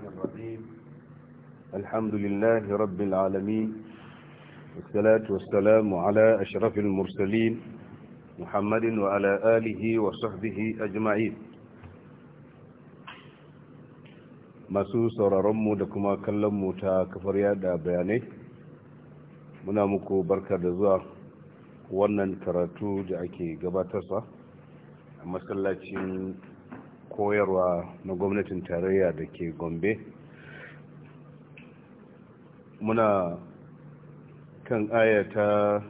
الرحمن الرحيم الحمد لله رب العالمين والصلاة والسلام على أشرف المرسلين محمد وعلى آله وصحبه أجمعين masu sauraronmu da kuma kallonmu ta kafar yada bayanai muna muku barka da zuwa wannan karatu da ake sa a masallacin koyarwa na gwamnatin tarayya da ke gombe muna kan ayata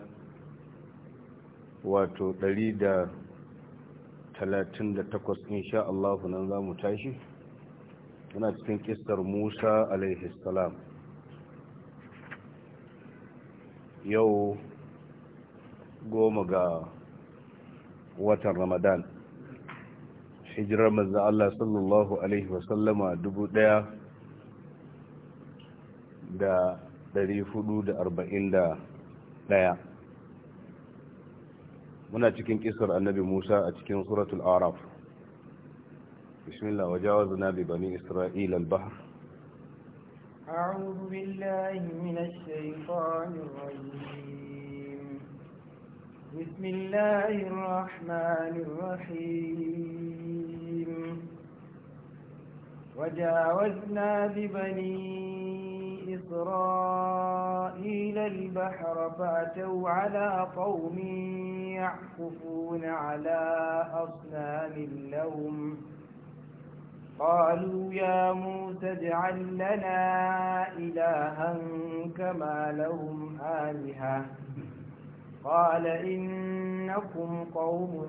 wato 138 insha Allahu nan za mu tashi muna cikin kistar musa alaihissalam yau goma ga watan ramadan hijirar manzan Allah sallallahu Alaihi wasallama dubu ɗaya da ɗari hudu da arba'in da ɗaya muna cikin kisar annabi Musa a cikin suratul araf bismillah wajawazna bi bani isra'ila al-bahr أعوذ بالله من الشيطان الرجيم بسم الله الرحمن الرحيم وجاوزنا ببني إسرائيل البحر فأتوا على قوم يعكفون على أصنام لهم قالوا يا موسى اجعل لنا إلها كما لهم آلهة قال إنكم قوم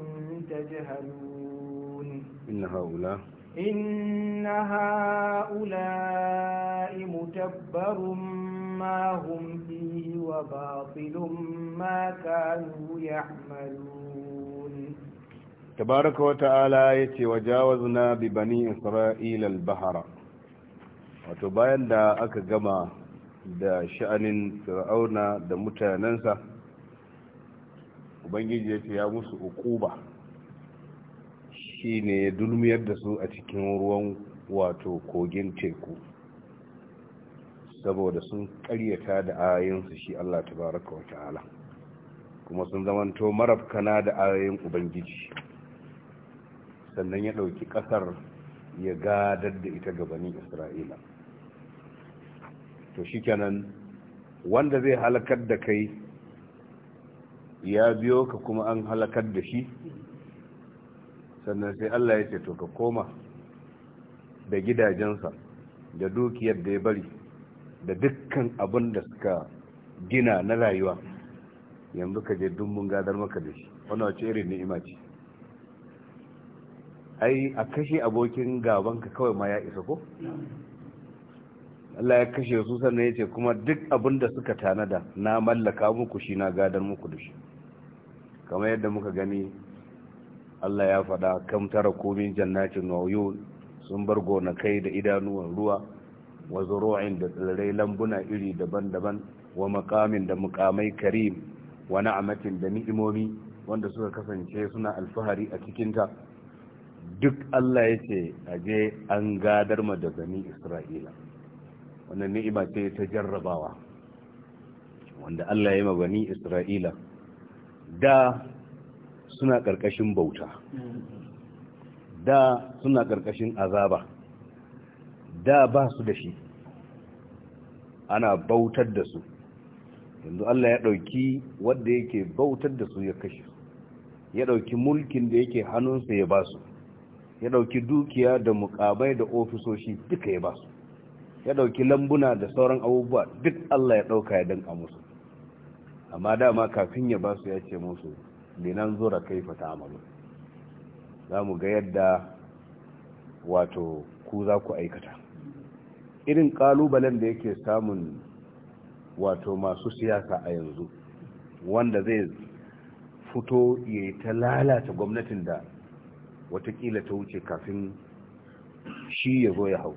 تجهلون إن هؤلاء إن هؤلاء متبر ما هم فيه وباطل ما كانوا يعملون تبارك وتعالى يتي وجاوزنا ببني إسرائيل البحر وتباين دا أكا دا شأن sha'anin دا da mutanensa ubangiji ya ce ya musu ukuba shine ya dulmiyar da su a cikin ruwan wato kogin teku saboda sun karyata da ayoyinsu shi Allah tabaraka wa ta'ala kuma sun zamanto marafkana da ayoyin ubangiji sannan ya ɗauki ƙasar ya gadar da ita gabanin isra'ila to shikenan wanda zai halakar da kai ya biyo ka kuma an halakar da shi sannan sai Allah ya ce to ka koma da gidajensa da dukiyar da ya bari da dukkan abin da suka gina na rayuwa yanzu ka je dumbin gadar maka da shi wani wace irin ni'ima ce ai a kashe abokin gabanka kawai ma ya isa ko Allah ya kashe su sannan ya ce kuma duk abin da suka tanada na mallaka muku shi na gadar muku da shi kamar yadda muka gani Allah ya faɗa kam komin jannatin wayun sun bar gonakai da idanuwan ruwa wa zuru'in da tsirrai lambuna iri daban-daban wa makamin da mukamai karim wa na'amatin da ni'imomi wanda suka kasance suna alfahari a cikinta duk Allah ya ce aje an gadar ma da bani Isra'ila wannan ni'ima ce ta jarrabawa wanda Allah ya yi ma bani Isra'ila da suna ƙarƙashin bauta da suna ƙarƙashin azaba da ba su da shi ana bautar da su yanzu Allah ya ɗauki wadda yake bautar da su ya kashe ya ɗauki mulkin da yake hannunsa ya ba su ya ɗauki dukiya da mukamai da ofisoshi duka ya ba su ya ɗauki lambuna da sauran abubuwa duk Allah ya ɗauka ya danka musu amma dama kafin ya ba su ya ce musu linan zura kaifa ta'malu za mu ga yadda wato ku za ku aikata irin kalubalen da yake samun wato masu siyasa a yanzu wanda zai fito ya ta lalata gwamnatin da watakila ta wuce kafin shi ya zo ya hau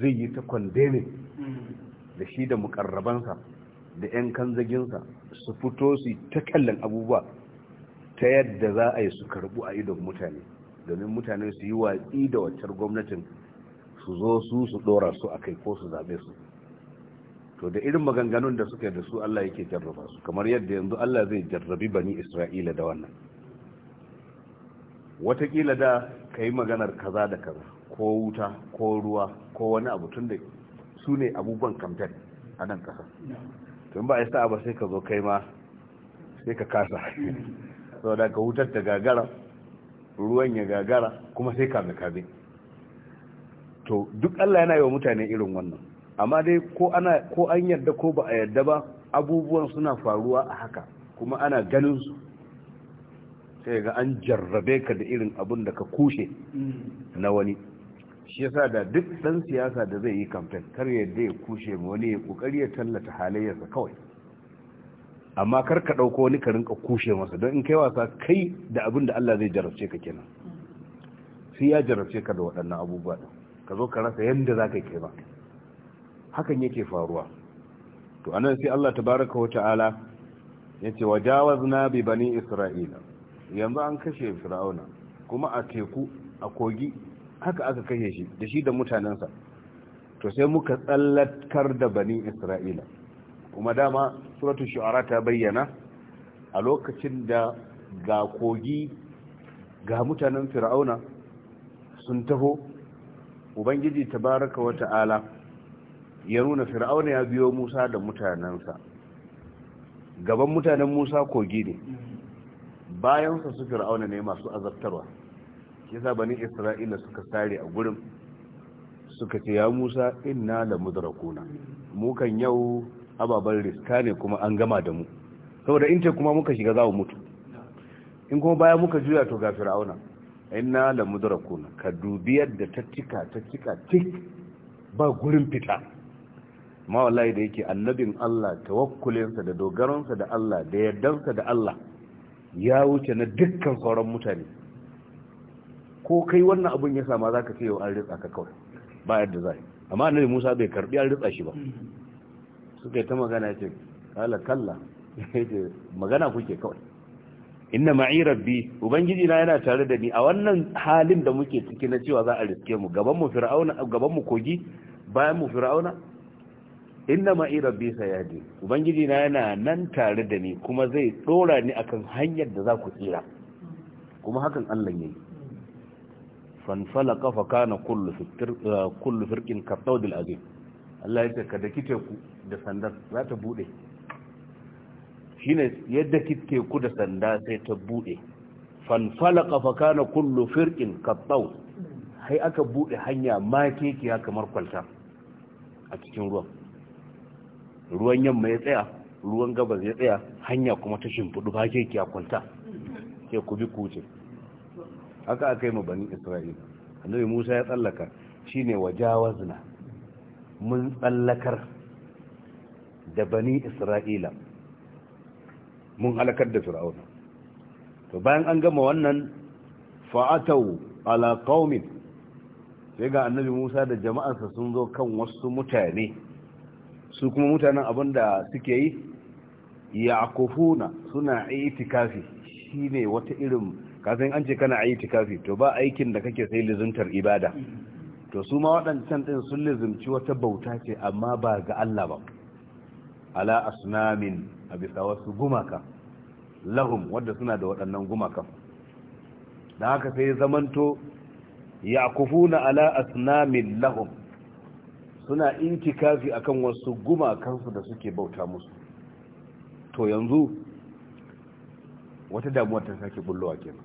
zai yi ta kwandemin da shi da mukarrabansa da 'yan kanzaginsa su fito su yi ta kallon abubuwa ta yadda za a yi su karɓu a idon mutane domin mutane su yi watsi da waccar gwamnatin su zo su su dora su a kai ko su zaɓe su to da irin maganganun da suka da su Allah yake jarraba su kamar yadda yanzu Allah zai jarrabi bani Isra'ila da wannan Wataƙila da ka yi maganar kaza da kaza ko wuta ko ruwa ko wani abu tun da su ne abubuwan kamtar a nan ƙasa tun ba a yi sa'a ba sai ka zo kai ma sai ka kasa sau da ka wutar ta gagara ruwan ya gagara kuma sai kame kame to duk Allah yana yi wa mutane irin wannan amma dai ko an yarda ko ba a yarda ba abubuwan suna faruwa a haka kuma ana ganin su sai ga an jarrabe ka da irin abun da ka kushe na wani shi yasa da duk dan siyasa da zai yi kamfen kar ya kushe wani ya kokari ya tallata halayyarsa kawai amma kar ka ɗauko wani ka rinka kushe masa don in kai wasa kai da abin da Allah zai jarabce ka kenan sai ya jarabce ka da waɗannan abubuwa ka zo ka rasa yadda za ka yi ba hakan yake faruwa to anan sai Allah baraka wa ta'ala ya ce jawazna bi bani isra'ila yanzu an kashe fir'auna kuma a teku a kogi haka aka kashe shi da shi da mutanensa to sai muka tsallakar da bani isra'ila kuma dama suratun shu'ara ta bayyana a lokacin da ga kogi ga mutanen fir'auna sun taho ubangiji ta baraka wa ta'ala ya nuna fir'auna ya biyo musa da mutanensa gaban mutanen musa kogi ne bayansa su fir'auna ne masu azabtarwa yasa bani isra'ila suka sare a gurin suka ce ya musa inna la mudrakuna mu kan yau ababen riska ne kuma an gama da mu saboda in ce kuma muka shiga za mu mutu in kuma baya muka juya to ga fir'auna inna la mudrakuna ka dubi yadda ta tika ta cika tik ba gurin fita ma wallahi da yake annabin Allah tawakkulinsa da dogaronsa da Allah da yardansa da Allah ya wuce na dukkan sauran mutane ko kai wannan abun ya sama zaka ce yau an ritsa ka kawai ba yadda zai amma annabi Musa bai karbi an ritsa shi ba suka yi ta magana ce kala kalla magana kuke kawai inna ma'i rabbi ubangiji na yana tare da ni a wannan halin da muke ciki na cewa za a riske mu gaban mu kogi bayan mu fir'auna inna ma'i rabbi sayadi ubangiji na yana nan tare da ni kuma zai dora ni akan hanyar da za ku tsira kuma hakan Allah yayi fanfalaka fa kana kullu firqin kadawdil azim Allah ya ce ka daki da sanda za ta bude shine yadda ku da sanda sai ta bude fanfalaka fa kana kullu firqin qattaw sai aka bude hanya makekiya kamar kwalta a cikin ruwan ruwan yamma ya tsaya ruwan gabas ya tsaya hanya kuma ta shimfidu makekiya kwalta sai ku bi ku haka aka yi ma bani isra'ila annabi musa ya tsallaka shine wajawazna mun tsallakar da bani isra'ila mun halakar da fir'auna to bayan an gama wannan fa'atau ala qaumin sai ga annabi Musa da jama'arsa sun zo kan wasu mutane su kuma mutanen da suke yi yaqufuna suna itikafi shine wata irin kasan an ce kana itikafi to ba aikin da kake sai lizuntar ibada to su ma waɗancan ɗin sun lizimci wata bauta ce amma ba ga Allah ba ala asnamin a bisa wasu gumaka lahum wadda suna da waɗannan gumakan da haka sai ya zamanto ya kufuna ala asnamin lahum suna intikafi akan wasu gumakansu da suke bauta musu to yanzu wata damuwar ta sake bullowa kenan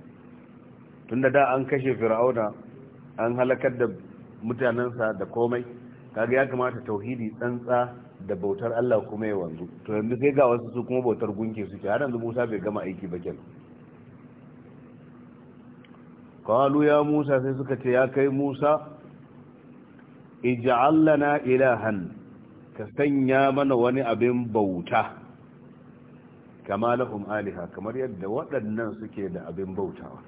tunda da an kashe fir'auna an halakar da mutanensa da komai kaga ya kamata tauhidi tsantsa da bautar Allah kuma ya wanzu to yanzu sai ga wasu su kuma bautar gunki suke har yanzu Musa bai gama aiki ba kenan qalu ya Musa sai suka ce ya kai Musa ij'al lana ilahan ka sanya mana wani abin bauta kama lahum aliha kamar yadda waɗannan suke da abin bautawa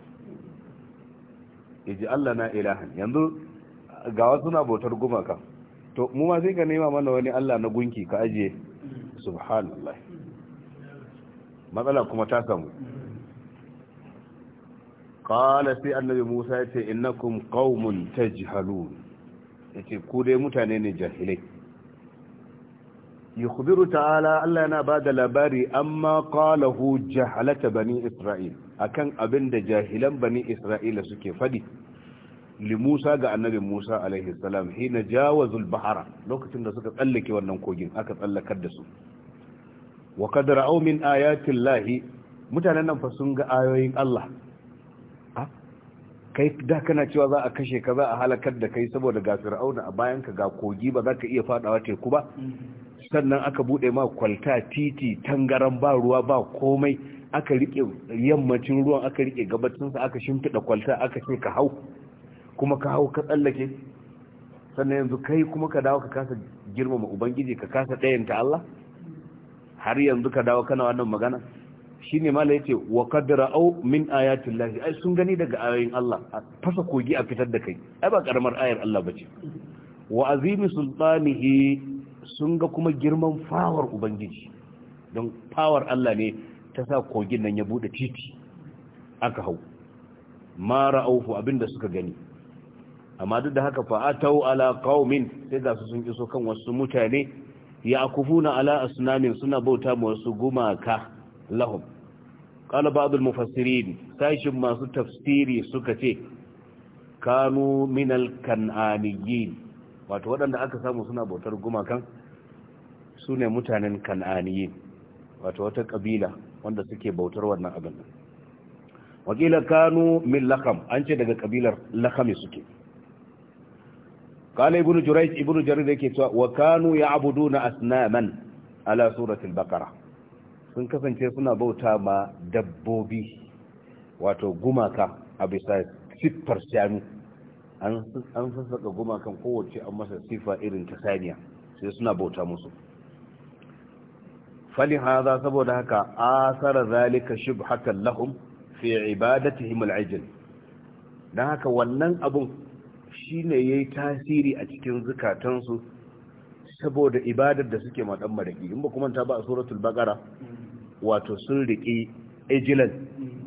ij'al lana ilahan yanzu ga wasu na bautar gumaka to mu ma sai ka nema mana wani Allah na gunki ka ajiye subhanallah matsala kuma ta samu qala sai annabi Musa ya ce innakum qaumun tajhalun yace ku dai mutane ne jahilai yukhbiru ta'ala Allah yana bada labari amma qalahu jahalat bani Isra'il akan abinda jahilan bani Isra'ila suke fadi li ga annabi Musa alaihi salam hina jawazul bahara lokacin da suka tsallake wannan kogin aka tsallakar da su wa qad min ayati llahi mutanen nan fa sun ga ayoyin Allah kai da kana cewa za a kashe ka za a halakar da kai saboda ga fir'auna a bayan ka ga kogi ba za ka iya fadawa teku ba sannan aka bude ma kwalta titi tangaran ba ruwa ba komai aka rike yammacin ruwan aka rike gabatinsa aka shimfida kwalta aka ce ka hau kuma ka hau ka tsallake sannan yanzu kai kuma ka dawo ka kasa girmama ubangiji ka kasa ɗayanta Allah har yanzu ka dawo kana wannan magana shi ne mala ya ce wa kadara au min ayatun lafi ai sun gani daga ayoyin Allah a fasa kogi a fitar da kai ai ba karamar ayar Allah ba ce wa azimi sultanihi sun ga kuma girman fawar ubangiji don fawar Allah ne ta sa kogin nan ya bude titi aka hau ma ra'aufu abinda suka gani amma duk da haka fa'atau ala qaumin sai da su sun iso kan wasu mutane ya kufuna ala asnamin suna bauta ma wasu gumaka lahum qala ba'dul mufassirin sashin masu tafsiri suka ce kanu minal kan'aniyin wato wadanda aka samu suna bautar gumakan su ne mutanen kan'aniyin wato wata kabila wanda suke bautar wannan abin wakilar kanu min lakam an ce daga kabilar lakami suke qala ibnu jurayj ibnu jarir yake cewa wa kanu ya'buduna asnaman ala suratul sun kasance suna bauta ma dabbobi wato gumaka a bisa siffar shanu an sassaka gumakan kowace an masa siffa irin ta saniya sai suna bauta musu falin haza saboda haka asara zalika shubhatan lahum fi ibadatihim al-ajl dan haka wannan abun Shi shine yayi tasiri a cikin zukatansu saboda ibadar da suke madan maraƙi. in ba kuma ta ba a suratul baqara wato sun riki ejilan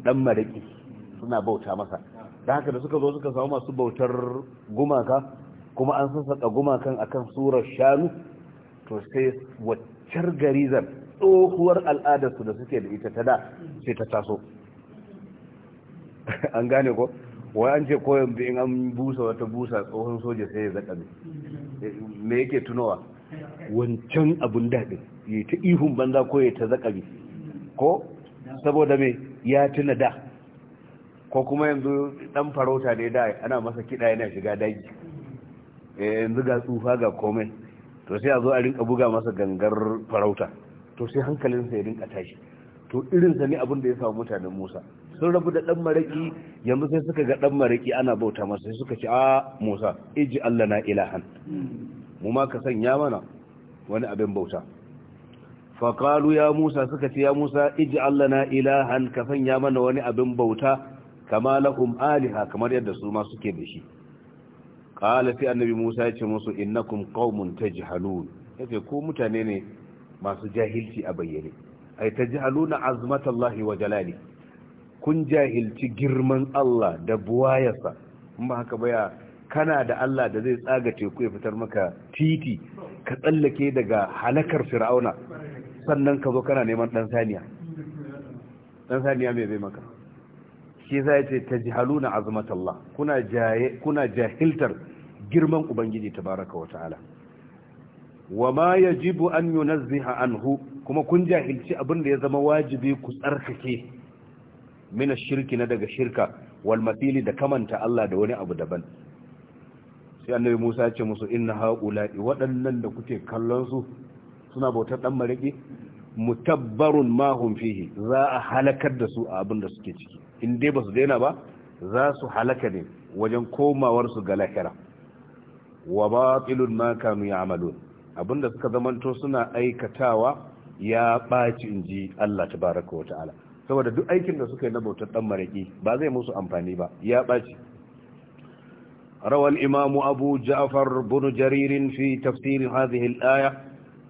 dan maraƙi suna bauta masa da haka da suka zo suka samu masu bautar gumaka kuma an sassaka gumakan akan surar shanu to sai waccar garizar tsohuwar al'adarsu da suke da ita ta da sai ta taso an gane ko wai an ce ko yanzu in an busa wata busa tsohon soja sai ya zaɗa me yake tunawa wancan abun daɗi ya ta ihun banza ko ya ta zaƙabi ko saboda me ya tuna da ko kuma yanzu ɗan farauta ne da ana masa kiɗa yana shiga daji eh, yanzu ga tsufa ga komai to sai a zo a rinka buga masa gangar farauta to sai hankalinsa ya rinka tashi to irinsa ne abin da ya samu mutanen musa sun rabu da ɗan maraƙi, yanzu sai suka ga ɗan maraƙi ana bauta masa sai suka ce a Musa iji Allah na ilahan mu ma ka sanya mana wani abin bauta faƙalu ya musa suka ce ya musa iji Allah na ilahan ka sanya mana wani abin bauta kama lahum aliha kamar yadda su ma suke da shi ƙala sai annabi musa ya ce musu innakum qaumun tajhalun yace ko mutane ne masu jahilci a bayyane ay tajhaluna azmatallahi wa jalali kun jahilci girman Allah da buwayarsa in ba haka baya kana da Allah da zai tsaga teku ya fitar maka titi ka tsallake daga halakar fir'auna sannan ka zo kana neman dan saniya dan saniya mai bai maka shi za ya ce ta tajhaluna azmatallah kuna kuna jahiltar girman ubangiji baraka wa ta'ala wa ma yajibu an yunazziha anhu kuma kun jahilci abin da ya zama wajibi ku tsarkake min shirki na daga shirka wal mathili da kamanta Allah da wani abu daban sai annabi Musa ya ce musu inna haula waɗannan da kuke kallon su suna bautar dan mariki mutabbarun ma hum fihi za a halakar da su a abin da suke ciki in dai ba su daina ba za su halaka ne wajen komawar su ga lahira wa batilun ma kanu ya'malun abinda suka zamanto suna aikatawa ya ɓaci inji Allah tabaraka wa ta'ala saboda duk aikin da suka yi na bautar dan maraki ba zai musu amfani ba ya baci rawar imamu abu ja'far bin jaririn fi tafsirin hadhihi al-aya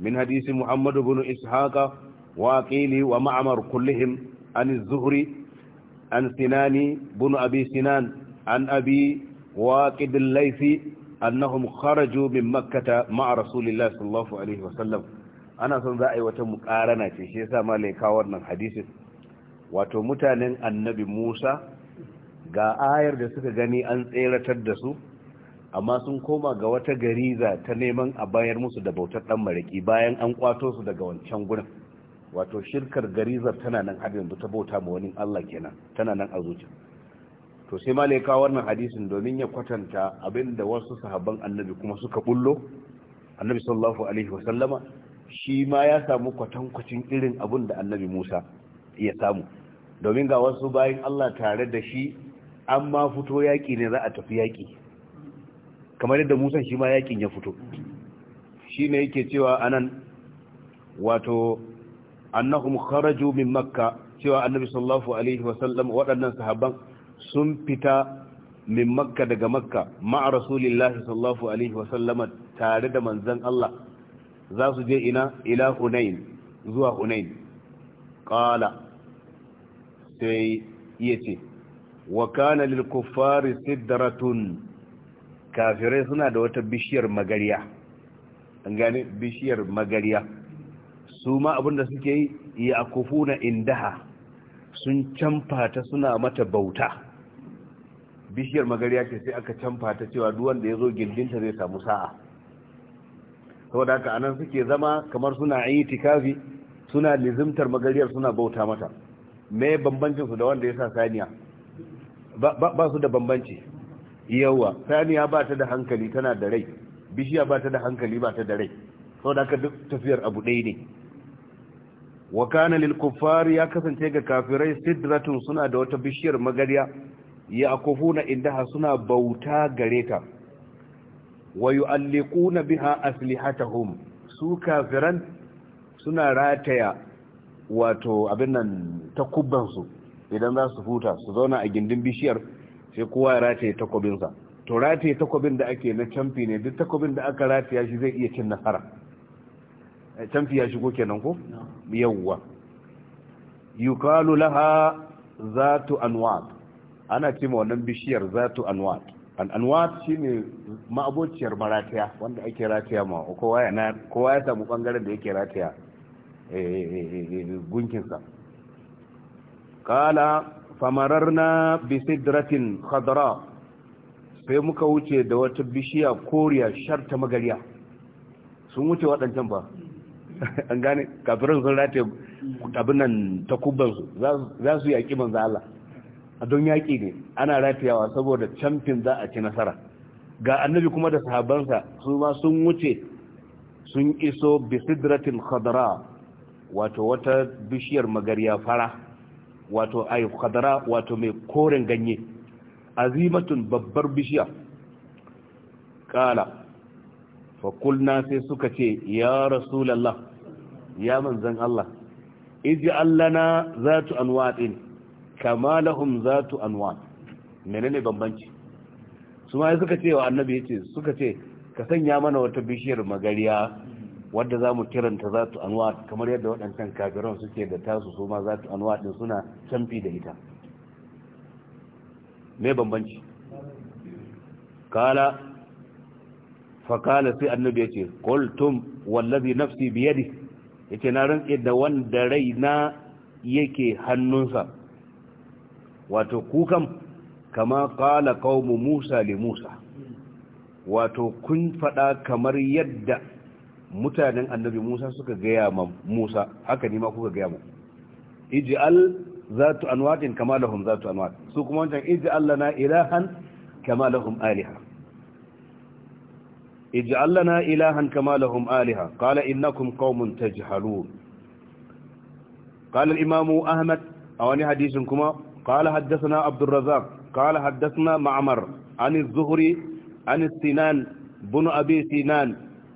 min hadith muhammad bin ishaqa wa qili wa ma'mar kullihim an zuhri an sinani bin abi sinan an abi waqid al-laythi annahum kharaju min makkah ma'a rasulillahi sallallahu alaihi wasallam ana son za a yi wata mukarana ce shi yasa malai wannan hadisin wato mutanen annabi musa ga ayar da suka gani an tseratar da su amma sun koma ga wata gariza ta neman a bayar musu da bautar dan mariki bayan an kwato su daga wancan gurin wato shirkar garizar tana nan har da ta bauta ma wani Allah kenan tana nan a zuciya to sai ma wannan hadisin domin ya kwatanta abinda wasu sahabban annabi kuma suka bullo annabi sallallahu alaihi wasallama shi ma ya samu kwatankwacin irin abin da annabi Musa ya samu domin ga wasu bayan Allah tare da shi an ma fito yaƙi ne za a tafi yaƙi kamar yadda musan shi ma yaƙin ya fito shi ne yake cewa anan wato annahum kharaju min makka cewa annabi sallallahu alaihi wasallam waɗannan sahabban sun fita min makka daga makka ma'a rasulillahi sallallahu alaihi wasallama tare da manzon Allah za su je ina ila hunain zuwa hunain qala sai yace ce wa kana lil kuffari kafirai suna da wata bishiyar magariya an gane bishiyar magariya su ma abinda suke yi ya kufuna indaha sun canfa suna mata bauta bishiyar magariya ce sai aka canfa ta cewa duk wanda ya zo gindinta zai samu sa'a saboda haka anan suke zama kamar suna itikafi suna lizimtar magariyar suna bauta mata me bambancin su da wanda ya sa saniya ba su da bambanci yawa saniya ba ta da hankali tana da rai bishiya ba ta da hankali ba ta da rai sau da aka duk tafiyar abu ɗaya ne wa kana ya kasance ga kafirai sidratun suna da wata bishiyar magarya, ya akufuna indaha suna bauta gare ta wa na biha aslihatahum su kafiran suna rataya wato abin nan ta su idan za su huta su zauna a gindin bishiyar sai kowa ya rataye takobinsa to rataye takobin da ake na camfi ne duk takobin da aka rataya shi zai iya cin nasara eh, camfi ya shigo kenan ko yawwa yukalu laha zatu anwat ana ce ma wannan bishiyar zatu anwat an anwat shine ma'abociyar marataya wanda ake rataya ma kowa ya kowa ya samu bangaren da yake rataya Eh, gunkinsa kala famarar na bisidratin khadra sai muka wuce da wata bishiya koriya sharta magariya sun wuce waɗancan ba an gane kafirin sun rataye abinan takubbansu za su yaƙi manzo Allah a don yaƙi ne ana ratayawa saboda camfin za a ci nasara ga annabi kuma da sahabansa su ma sun wuce sun iso bisidratin khadra wato wata bishiyar magarya fara wato ai khadara wato mai koren ganye azimatun babbar bishiya kala fakulna sai suka ce ya rasulallah ya manzan Allah iji allana za tu kama lahum za tu anwa. menene bambanci su ma suka ce wa annabi ya ce suka ce ka sanya mana wata bishiyar magariya wadda za mu kiranta za tu anwa kamar yadda waɗancan kafiran suke da tasu su ma za tu anwa ɗin suna canfi da ita mai bambanci kala fakala sai annabi ya ce kultum wallazi nafsi biyadi ya na rantse da wanda rai na yake hannunsa wato kukan kama kala kawo musa li musa wato kun faɗa kamar yadda mutanen annabi Musa suka gaya ma Musa haka ne ma kuka gaya mu ij'al zatu anwatin kama lahum zatu anwat su kuma wancan ij'al lana ilahan kama lahum aliha ij'al lana ilahan kama lahum aliha qala innakum qaumun tajhalun قال Ahmad أحمد أواني حديثكما قال حدثنا عبد الرزاق قال حدثنا معمر عن الزهري عن السنان بن أبي سنان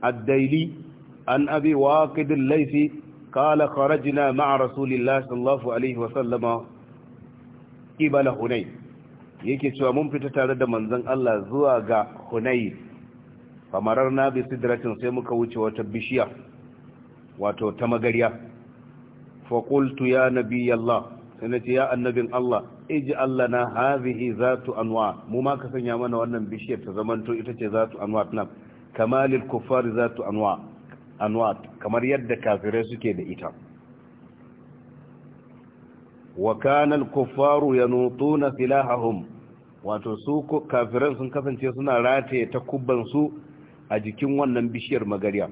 الديلي an أبي واقد laifi قال خرجنا مع رسول الله صلى الله ibala وسلم yake cewa mun fita tare da manzon Allah zuwa ga hunai. famarar na bi sidratin sai muka wuce wata bishiya wato ta magariya fa ya nabi Allah sai nace ya annabin Allah na lana za tu anwa mu ma ka sanya mana wannan bishiyar ta zamanto ita ce zatu anwa nan kamalil za tu anwa anwat kamar yadda kafirai suke da ita wa kana al-kuffaru yanutuna wato su kafirai sun kasance suna rataye takubban su a jikin wannan bishiyar magariya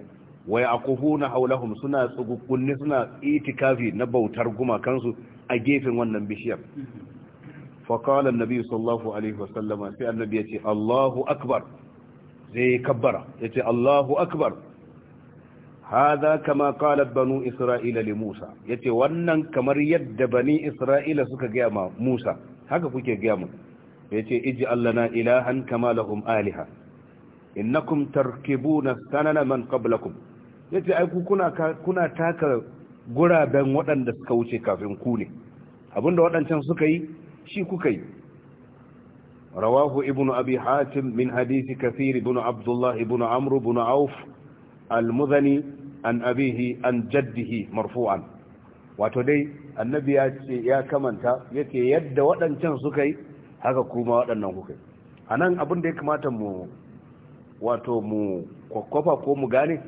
waya akufuna haulahum suna tsugukunni suna itikafi na bautar gumakansu a gefen wannan bishiyar fa qala an-nabi sallallahu alaihi wasallam sai annabi yace Allahu akbar zai kabbara yace Allahu akbar hadha kama qalat banu isra'ila li musa yace wannan kamar yadda bani isra'ila suka gaya ma musa haka kuke gaya mu yace ij'al lana ilahan kama lahum aliha innakum tarkibuna sanana man qablakum yace ai ku kuna kuna taka guraben waɗanda suka wuce kafin ku ne abinda waɗancan suka yi shi kuka yi rawahu Ibnu abi hatim min hadisi kathir ibn abdullah ibn amr ibn auf al an abihi an jaddihi marfu'an wato dai annabi ya ce ya kamanta yake yadda waɗancan suka yi haka kuma waɗannan kuka a nan abin da ya kamata mu wato mu kwakwafa ko mu gane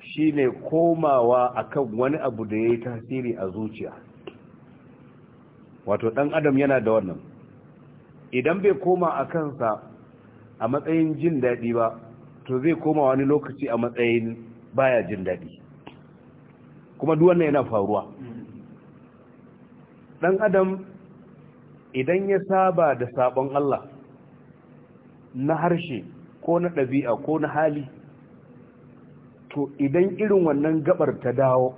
shine komawa akan wani abu da ya yi tasiri a zuciya wato ɗan adam yana da wannan idan bai koma a kansa a matsayin jin daɗi ba to zai koma wani lokaci a matsayin baya jin daɗi kuma duwannan yana faruwa ɗan adam idan ya saba da sabon Allah na harshe ko na ɗabi'a ko na hali to idan irin wannan gabar ta dawo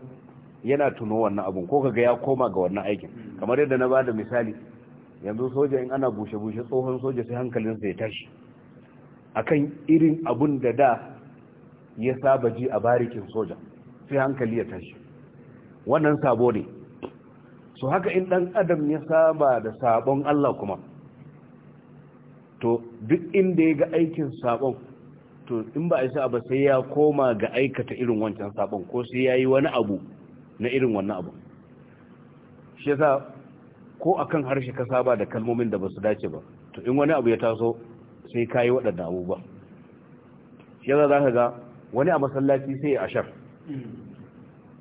yana tuno wannan abun ko kaga ya koma ga wannan aikin kamar yadda na bada misali yanzu soja in ana bushe-bushe tsohon soja sai hankalinsa ya tashi akan irin abun da da ya saba ji a barikin soja sai hankali ya tashi wannan sabo ne so haka in dan adam ya saba da sabon Allah kuma to duk inda ya ga aikin sabon to in ba a isa ba sai ya koma ga aikata irin wancan sabon ko sai ya yi wani abu na irin wannan abu shi yasa ko akan harshe ka saba da kalmomin da ba su dace ba to in wani abu ya taso sai ka yi waɗanda abu ba shi yasa za ka ga wani a masallaci sai ya shar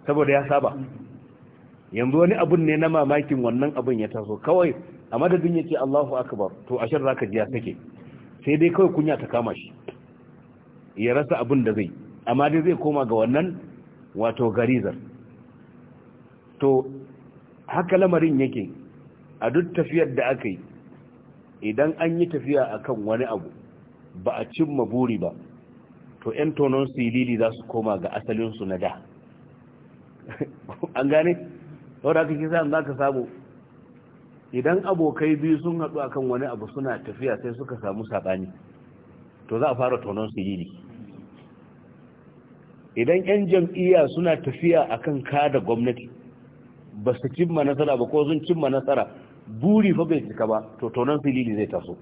saboda ya saba yanzu wani abun ne na mamakin wannan abun ya taso kawai a madadin ya ce Allahu akbar to shar zaka ji ya sake sai dai kawai kunya ta kama shi ya rasa abun da zai amma dai zai koma ga wannan wato garizar to haka lamarin yake a duk tafiyar da aka yi idan an yi tafiya akan wani abu ba a cimma buri ba to 'yan tonon silili za su koma ga asalinsu na da an gane sau da kake sa'an za ka samu idan abokai biyu sun haɗu akan wani abu suna tafiya sai suka samu saɓani to za a fara tonon silili idan 'yan jam'iyya suna tafiya akan kada gwamnati ba su cimma nasara ba ko sun cimma nasara buri fa bai cika ba to tonon silili zai taso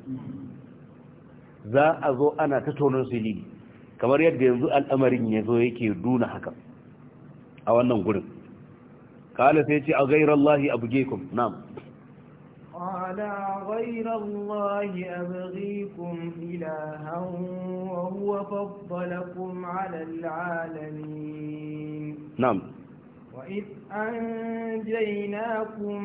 za a zo ana ta tonon silili kamar yadda yanzu al'amarin ya zo yake duna haka a wannan gudun. kala sai ce a gairar lahi abu gekun nam قال غير الله أبغيكم إلها وهو فضلكم على العالمين نعم وإذ أنجيناكم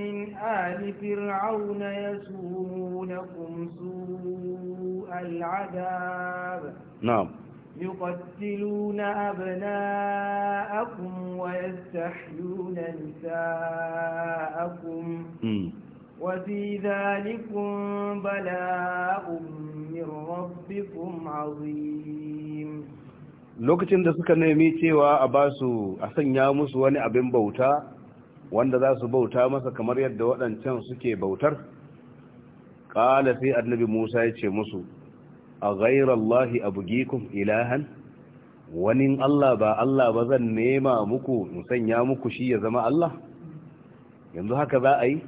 من آل فرعون يسومونكم سوء العذاب na'am وفي ذلكم بلاء من ربكم عظيم lokacin da suka nemi cewa a basu a sanya musu wani abin bauta wanda za su bauta masa kamar yadda waɗancan suke bautar ƙala sai annabi musa ya ce musu a ghairallahi abugikum ilahan wani Allah ba Allah ba zan nema muku sanya muku shi ya zama Allah yanzu haka za a yi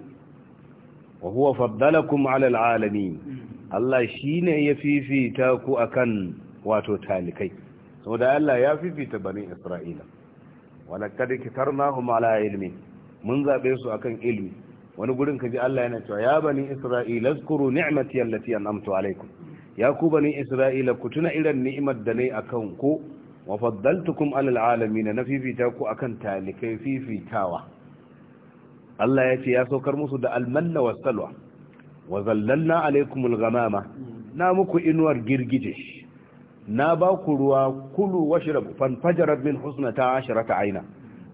wa huwa faddalakum ala alalamin Allah shine ya fifita ku akan wato talikai saboda Allah ya fifita bani Isra'ila walaqad kitarnahum ala ilmin mun zabe su akan ilmi wani gurin kaji Allah yana cewa ya bani Isra'ila zkuru ni'mati allati an'amtu alaikum ya ku bani isra'ila ku tuna irin ni'imar da nayi akan ku wa faddaltukum alal alamin na fifita ku akan talikai fifitawa Allah ya ce ya saukar musu da almanna was salwa wa zallalna alaikumul ghamama na muku inuwar girgije na ba ku ruwa kulu washrabu fanfajarat min husnata asharata aina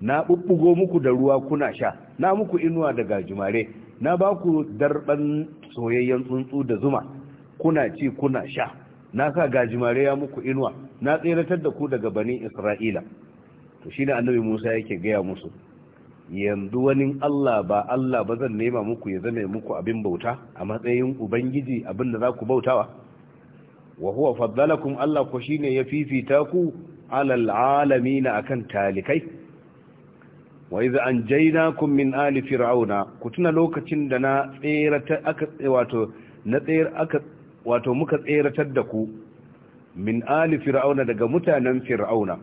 na bubbugo muku da ruwa kuna sha na muku inuwa daga jumare na ba ku darban soyayyen tsuntsu da zuma kuna ci kuna sha na sa gajimare ya muku inuwa na tseratar da ku daga bani isra'ila to shi ne annabi musa yake gaya musu yanzu wani allah ba allah ba zan nema muku ya zame muku abin bauta a matsayin ubangiji abin da za ku bautawa wa huwa faddalakum allah ko shine ya fifita ku alal alami na akan talikai wa idza kun min ali fir'auna ku tuna lokacin da na tseratar aka wato na tsayar aka wato muka tseratar da ku min ali fir'auna daga mutanen fir'auna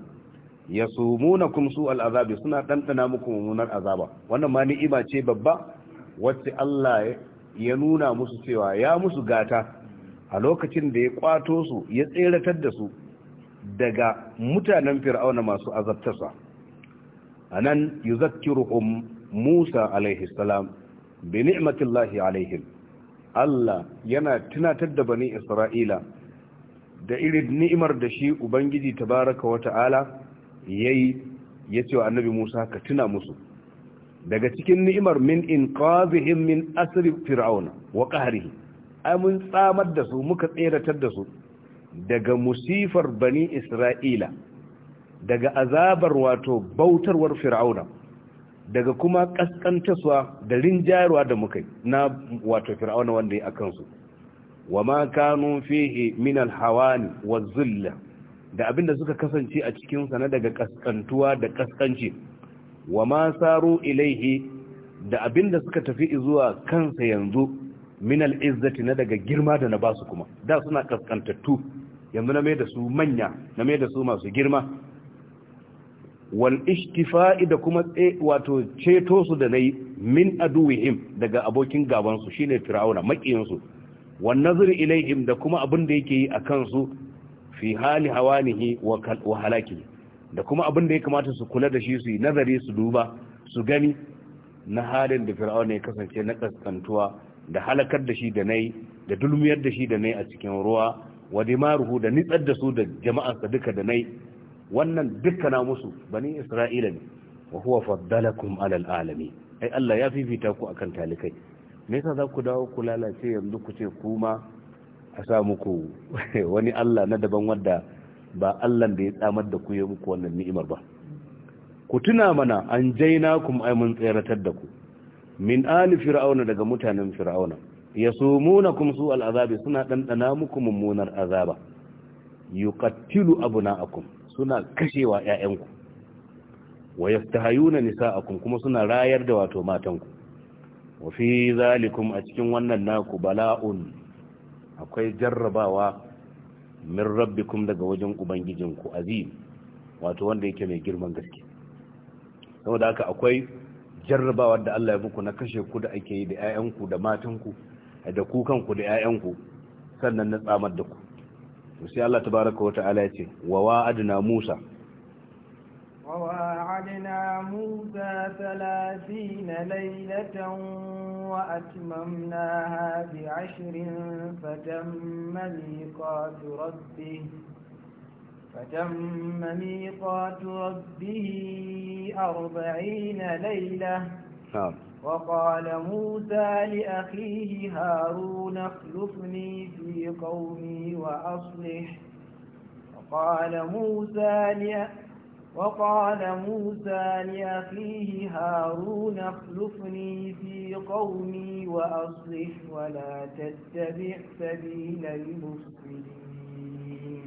ya sumunakum su al'azabi suna ɗanɗana muku mummunar azaba wannan ma ni'ima ce babba wacce Allah ya nuna musu cewa ya musu gata a lokacin da ya kwato su ya tseratar da su daga mutanen fir'auna masu azabtarsa a nan yuzakkiruhum musa alaihi salam bi ni'matillahi alaihim Allah yana tunatar da bani Isra'ila da irin ni'imar da shi Ubangiji tabaraka wata’ala ya yayi ya ce wa annabi Musa ka tuna musu daga cikin ni'imar min in inqazihim min asirin fir'auna wa qahrihi ai tsamar da su muka tseratar da su daga musifar bani Isra'ila daga azabar wato bautarwar fir'auna daga kuma kaskantaswa da rinjayarwa da muka na wato fir'auna wanda ya akan su wa ma kanu fihi min alhawani wa zulla da abinda suka kasance a cikin sa na daga kaskantuwa da kaskanci wa ma saru ilaihi da abinda suka tafi zuwa kansa yanzu min al'izzati na daga girma da na basu kuma da suna kaskantattu yanzu na mai da su manya na mai da su masu girma wal ishtifa'i da kuma wato ceto su da nayi min aduwihim daga abokin gabansu su shine fir'auna makiyin su wan nazri ilaihim da kuma abin da yake yi akan su fi hali hawanihi wa halaki da kuma abin da ya kamata su kula da shi su yi nazari su duba su gani na halin da fir'auna ya kasance na kaskantuwa da halakar da shi da nayi da dulmiyar da shi da nayi a cikin ruwa wa dimaruhu da nitsar da su da jama'ar duka da nayi wannan na musu bani isra'ila ne wa huwa faddalakum alal alami ai Allah ya fifita ku akan talikai me yasa za ku dawo ku lalace yanzu ku ce kuma a sa muku wani Allah na daban wanda ba Allah da ya tsamar da ku ya muku wannan ni'imar ba ku tuna mana an jainakum ai mun tseratar da ku min ali fir'auna daga mutanen fir'auna yasumunakum su al'azabi suna dandana muku mummunar azaba yuqattilu abna'akum suna kashewa ƴaƴanku wa yaftahayuna nisa'akum kuma suna rayar da wato matanku wa fi zalikum a cikin wannan naku bala'un akwai jarrabawa min rabbikum daga wajen ubangijinku azim wato wanda yake mai girman gaske saboda haka akwai jarrabawar da Allah ya muku na kashe ku da ake yi da 'ya'yanku da matanku da kukanku da 'ya'yanku sannan na tsamar da ku to sai Allah tabaraka wa ta'ala ya ce wa wa'adna Musa wa wa'adna Musa 30 laylatan wa atmamnaha bi 'ashrin fatamma miqatu rabbih فتم ميقات ربه أربعين Layla وقال موسى لأخيه هارون اخلفني في قومي وأصلح وقال موسى لي وقال موسى لأخيه هارون اخلفني في قومي وأصلح ولا تتبع سبيل المفسدين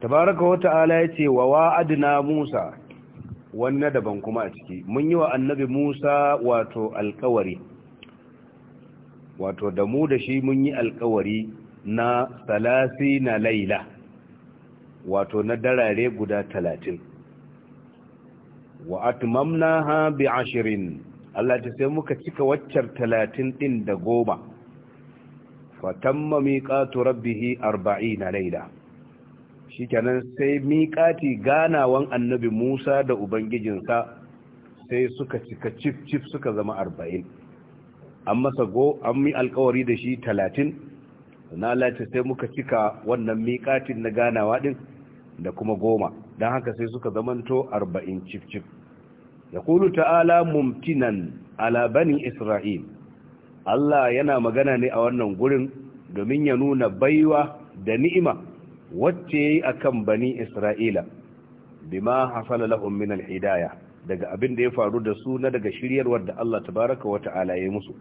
تبارك وتعالى يتي وواعدنا موسى wannan daban kuma a ciki mun yi wa annabi Musa wato alkawari wato da mu da shi mun yi alkawari na salasi na laila wato na darare guda talatin wa atmamna ha bi ashirin Allah ta sai muka cika waccar talatin ɗin da goma fatamma miƙatu rabbihi arba'i na laila shi kenan sai miƙati ganawan annabi musa da ubangijinsa sai suka cika cif-cif suka zama arba'in an masa go an mi alkawari da shi talatin na lati sai muka cika wannan miƙatin na ganawa ɗin da kuma goma don haka sai suka zamanto arba'in cif-cif ya kulu ta'ala mumtinan ala bani isra'il Allah yana magana ne a wannan gurin domin ya nuna baiwa da ni'ima wacce ya yi a kan bani isra'ila bima hasala lahum min al-hidaya daga abin da ya faru da su na daga shiryarwar da Allah tabaraka wa ta'ala ya musu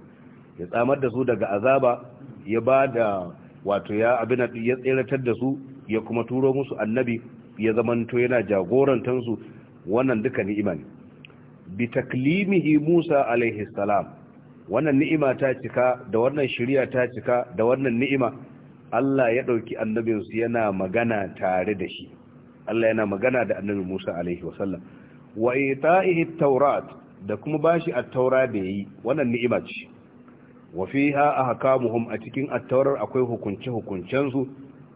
ya tsamar da su daga azaba ya ba da wato ya abin ya tseratar da su ya kuma turo musu annabi ya zamanto yana jagorantansu wannan duka ni'ima ne bi taklimihi Musa alaihi salam wannan ni'ima ta cika da wannan shirya ta cika da wannan ni'ima Allah ya ɗauki annabinsu yana magana tare da shi Allah yana magana da annabi Musa alaihi wasallam wa ita'ihi taurat da kuma bashi a taura da yi wannan ni'ima ce wa fiha ahkamuhum a cikin at akwai hukunce hukuncen su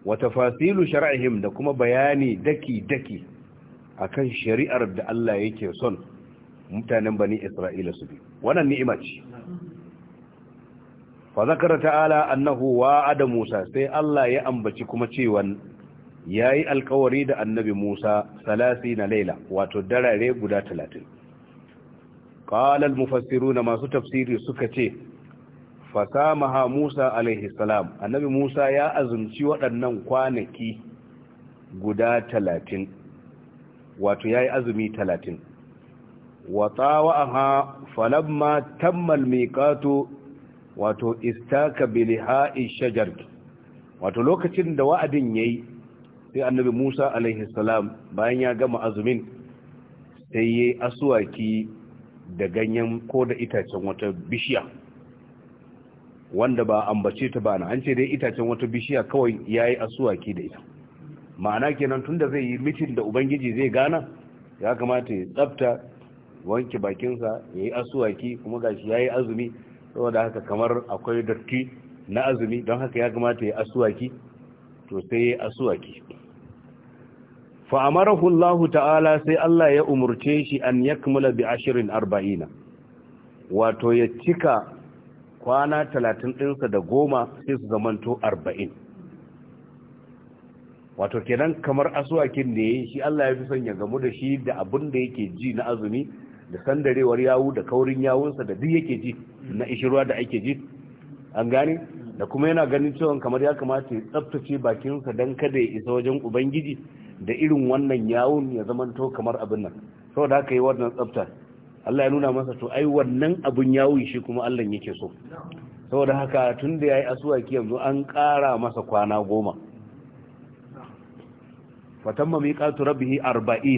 wa tafasilu shar'ihim da kuma bayani daki daki akan shari'ar da Allah yake son mutanen bani Isra'ila su bi wannan ni'ima ce fa zakara ta'ala annahu wa'ada Musa sai Allah ya ambaci kuma cewa yayi alkawari da annabi Musa salasi na laila wato darare guda talatin. qala al-mufassiruna masu tafsiri suka ce fasamaha Musa alaihi salam annabi Musa ya azumci waɗannan kwanaki guda talatin wato ya yi azumi talatin watawa'aha falamma tammal miqatu wato istaka bilha'i shajar wato lokacin da wa'adin ya yi, sai annabi Musa alaihi salam bayan ya gama azumin sai yi asuwaki da ganyen ko da itacen wata bishiya wanda ba ambace ta ba an ce dai itacen wata bishiya kawai ya yi asuwaki da ita ma'ana kenan tunda zai yi mitin da ubangiji zai gana ya kamata ya tsafta wanke bakinsa ya yi asuwaki kuma gashi ya yi azumi saboda haka kamar akwai datti na azumi don haka ya kamata ya asuwaki to sai ya asuwaki amarahu Allah ta'ala sai Allah ya umurce shi an yakmula bi ashirin arba'ina wato ya cika kwana talatin ɗinsa da goma sai su zamanto arba'in wato kenan kamar asuwakin ne shi Allah ya fi son ya gamu da shi da abin da yake ji na azumi da sandarewar yawu da kaurin yawunsa da duk yake ji na ishirwa da ake ji an gane da kuma yana ganin cewa kamar ya kamata ya tsaftace bakinsa don kada ya isa wajen ubangiji da irin wannan yawun ya zamanto kamar abin nan saboda haka yi wannan tsafta Allah ya nuna masa to ai wannan abun ya shi kuma Allah yake so saboda haka tun da ya yi ki yanzu an ƙara masa kwana goma fatamma miƙatu rabbihi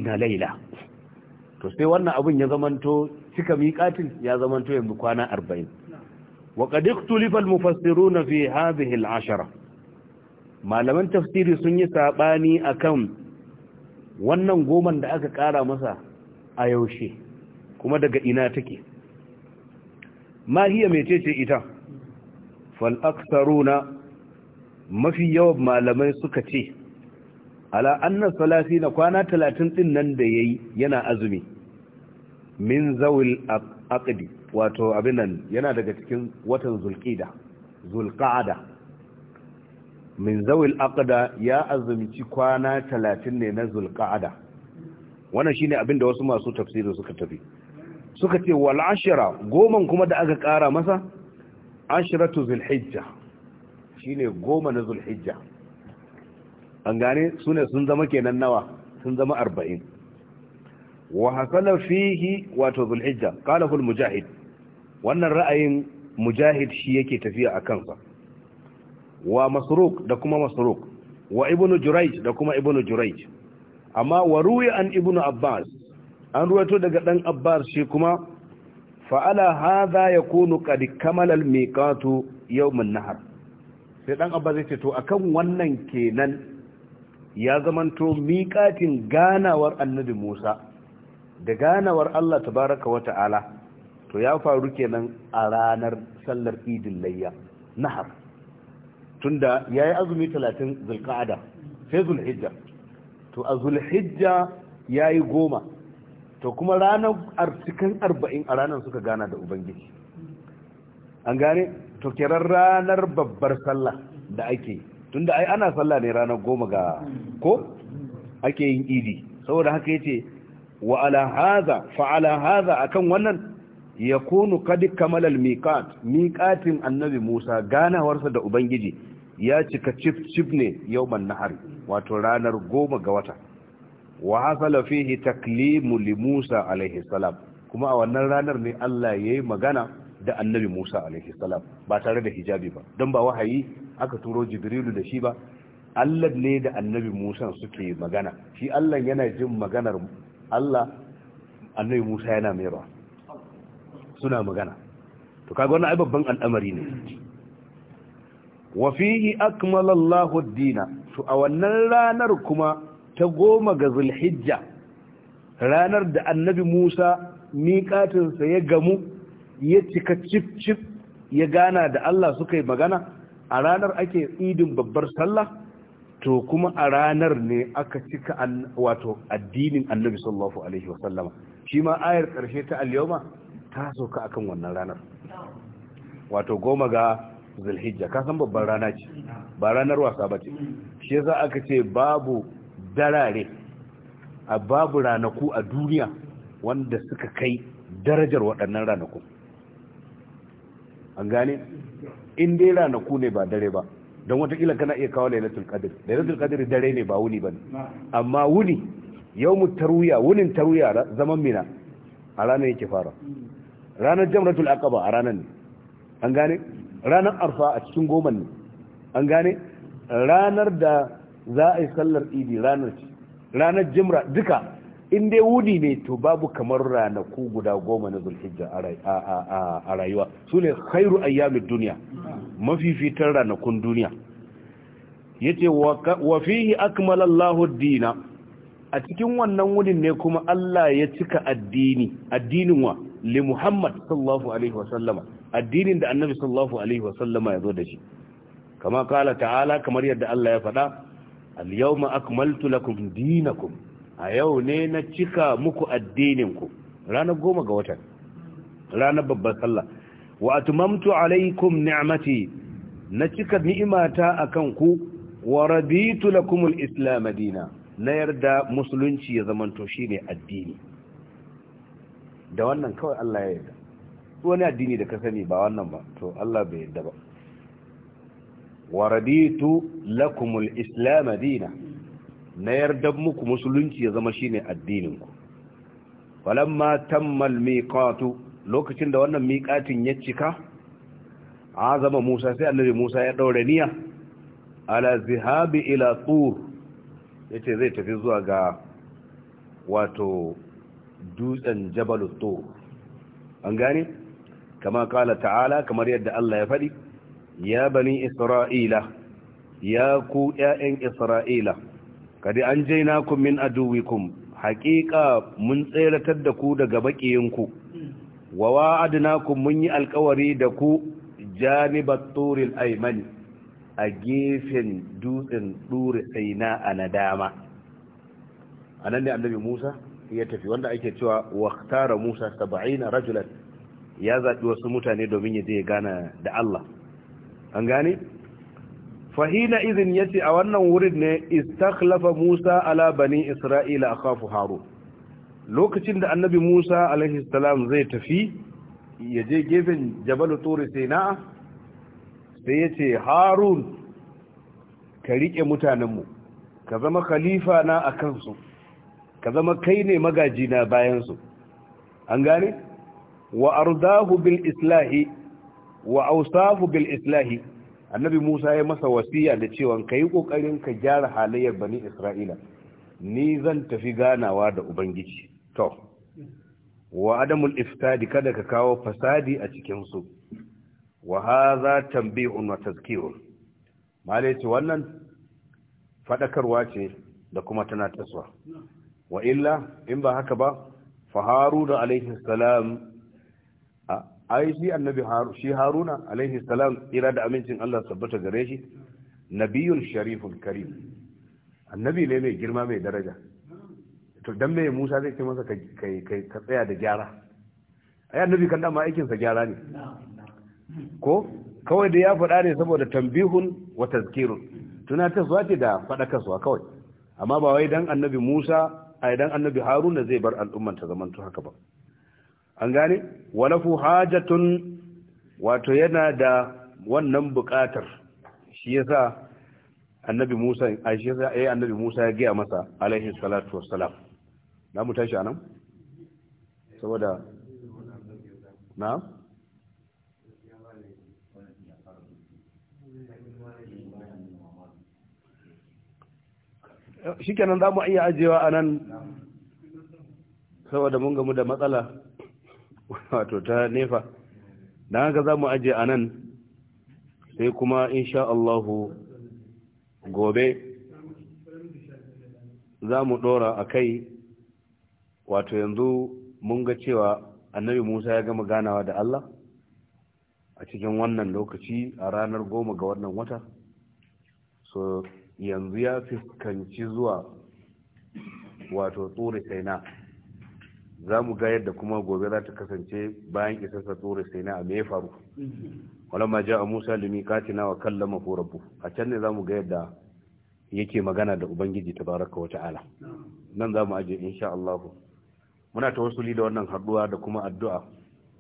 na laila to sai wannan abun ya zamanto cika miƙatin ya zamanto yanzu kwana arba'in wa qad ikhtulifa al-mufassiruna fi hadhihi al-ashara malaman tafsiri sun yi sabani akan wannan goman da aka ƙara masa a yaushe kuma daga ina take ma hiya mecece ita fal aktharuna mafi yawan malamai suka ce ala anna na kwana talatin din nan da yayi yana azumi min zawil aqdi wato abin nan yana daga cikin watan zulqida zulqa'ada min zawil aqda ya azumci kwana talatin ne na zulqa'ada wannan shine abin da wasu masu tafsiri suka tafi suka ce wal ashira goman kuma da aka kara masa ashiratu zulhijja shine goma na zulhijja an gane su ne sun zama kenan nawa sun zama arba'in wa hasala fihi wato zulhijja qalahul mujahid wannan ra'ayin mujahid shi yake tafiya a kansa wa masruq da kuma masruq wa ibnu jurayj da kuma ibnu jurayj amma wa ruwi an ibnu abbas an ruwato daga ɗan abbas shi kuma fa'ala haza ya kunu ƙadi kamalar miƙatu yau nahar sai ɗan abbas ya ce to akan wannan kenan ya zamanto miƙatin ganawar annabi musa da ganawar allah ta wa ta'ala to ya faru kenan a ranar sallar idin layya nahar tunda ya yi azumi talatin zulka'ada sai zulhijja to a zulhijja ya yi goma to kuma ranar cikin arba'in a ranar suka gana da ubangiji an gane to kiran ranar babbar sallah da ake tunda ai ana sallah ne ranar goma ga ko ake yin idi saboda haka yace wa ala hadha fa ala hadha wannan yakunu qad Kadi, al miqat miqatin annabi Musa ganawarsa da ubangiji ya cika cif cif ne yau man nahar wato ranar goma ga wata wa hasala fihi taklimu li Musa alaihi salam kuma a wannan ranar ne Allah yayi magana da annabi Musa alaihi salam ba tare da hijabi ba don ba wahayi aka turo Jibrilu da shi ba Allah ne da annabi Musa suke magana shi Allah yana jin maganar Allah annabi Musa yana mai suna magana to kaga wannan ai babban al'amari ne wa fihi akmala Allahu ad-dina to a wannan ranar kuma ta goma ga zulhijja ranar da annabi musa miƙatinsa ya gamu ya cika cif-cif ya gana da allah suka yi magana a ranar ake idin babbar sallah to kuma a ranar ne aka cika wato addinin annabi sallallahu alaihi wasallama shi ma ayar ƙarshe ta alyoma ta soka akan wannan ranar wato goma ga zulhijja ka san babban rana ce ba ranar wasa ba ce shi za aka ce babu darare a babu ranaku a duniya wanda suka kai darajar waɗannan ranaku an gane in dai ranaku ne ba dare ba don watakila kana iya kawo lailatul qadr lailatul qadr dare ne ba wuni bane amma wuni yawmut tarwiya wunin tarwiya zaman mina a ranar yake fara ranar jamratul aqaba a ranar ne an gane ranar arfa a cikin goman ne an gane ranar da za a yi sallar idi ranar jimra duka in dai wuni ne to babu kamar ranaku guda goma na zulhijja a rayuwa su ne khairu ayyamin duniya mafifitar ranakun duniya ya ce wa fihi akmalallahu dina a cikin wannan wunin ne kuma Allah ya cika addini addinin wa li Muhammad sallallahu alaihi wa sallama addinin da Annabi sallallahu alaihi wa sallama ya zo da shi kama kala ta'ala kamar yadda Allah ya faɗa al-yawma akmaltu lakum dinakum a yau ne na cika muku addininku ranar goma ga watan ranar babbar sallah wa atmamtu alaikum ni'mati na cika ni'imata akan ku wa raditu lakum islam na yarda musulunci ya zamanto shine addini da wannan kawai Allah ya yarda wani addini da ka sani ba wannan ba to Allah bai yarda ba wa raditu lakumul islam dina na yarda muku musulunci ya zama shine addinin ku falamma tammal miqatu lokacin da wannan miqatin ya cika azama Musa sai annabi Musa ya daure niyya ala zihabi ila tur yace zai tafi zuwa ga wato dutsen jabalut tur an gane kama kala ta'ala kamar yadda Allah ya faɗi ya bani isra'ila ya ku ‘ya'yan isra'ila kadi an jaina ku min aduwikum haƙiƙa mun tseratar da ku daga baƙiyinku wa wa'adina ku mun yi alkawari da ku janibar turin aimani a gefen dutsen dure tsaina a nadama a nan ne annabi musa ya tafi wanda ake cewa waktara musa saba'ina rajulan ya zaɓi wasu mutane domin ya je gana da allah an gani? fahina izin yace a wannan wurin ne istakhlafa Musa ala bani Isra'ila akhafu Harun lokacin da annabi Musa alaihi salam zai tafi ya je gefen Jabal Tur Sina sai yace Harun ka rike mutanenmu ka zama khalifa na akan su ka zama kai ne magaji na bayan su an gani wa ardahu bil islahi wa ausafu bil islahi annabi Musa ya masa wasiya da cewa kai kokarin ka gyara halayyar bani Isra'ila ni zan tafi ganawa da ubangiji to wa adamul iftadi kada ka kawo fasadi a cikin su wa hadha tanbi'un wa tazkirun malaiti wannan fadakarwa ce da kuma tana taswa wa illa in ba haka ba Haruna da alaihi salam ai shi annabi haru shi haruna alaihi salam ira da amincin Allah sabbata gare shi nabiyun sharifun karim annabi ne mai girma mai daraja to dan me Musa zai ce masa kai kai ka tsaya da gyara ai annabi kan dama aikin sa gyara ne ko kawai da ya faɗa ne saboda tambihun wa tazkirun ta ce da kaswa kawai amma ba wai dan annabi Musa ai dan annabi Haruna zai bar al'umman ta to haka ba an gane walahu hajatun wato yana da wannan buƙatar shi yasa annabi Musa a shi yasa eh annabi Musa ya gaya masa alaihi salatu wassalam na mu tashi anan saboda na shikenan za mu iya ajewa anan saboda mun gamu da matsala wato ta nefa da haka za mu ajiye a nan sai kuma insha Allahu gobe za mu ɗora a kai wato yanzu mun ga cewa annabi Musa ya gama ganawa da Allah a cikin wannan lokaci a ranar goma ga wannan wata so yanzu ya fuskanci zuwa wato tsuri sai na za mu ga yadda kuma gobe za ta kasance bayan isassa tsoro sai na me ya faru ma ja a musa limi katina wa kallama ko rabbu a can ne za mu ga yadda yake magana da ubangiji tabaraka wa ta'ala nan za mu aje insha Allah muna ta wasuli da wannan haduwa da kuma addu'a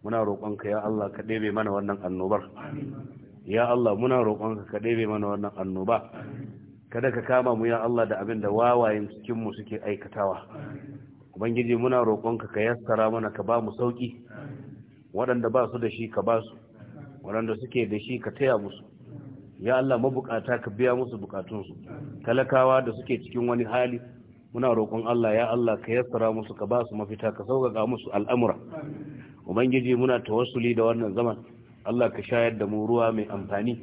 muna roƙonka ya Allah ka ɗebe mana wannan annobar ya Allah muna roƙonka ka ɗebe mana wannan annoba kada ka kama mu ya Allah da abin da wawayen cikin mu suke aikatawa ubangiji muna roƙonka ka yassara mana ka ba mu sauƙi waɗanda ba su da shi ka ba su waɗanda suke da shi ka taya musu ya Allah mabukata ka biya musu bukatunsu talakawa da suke cikin wani hali muna roƙon Allah ya Allah ka yassara musu ka ba su mafita ka sauƙaƙa musu al'amura ubangiji muna tawassuli da wannan zaman Allah ka shayar da mu ruwa mai amfani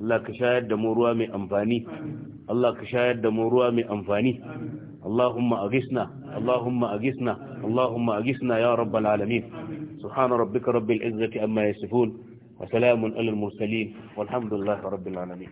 Allah ka shayar da mu ruwa mai amfani Allah ka shayar da mu ruwa mai amfani Allahumma aghisna Allahumma aghisna Allahumma aghisna ya rabbal alamin subhana rabbika rabbil izzati amma yasifun wa salamun alal mursalin walhamdulillahi rabbil alamin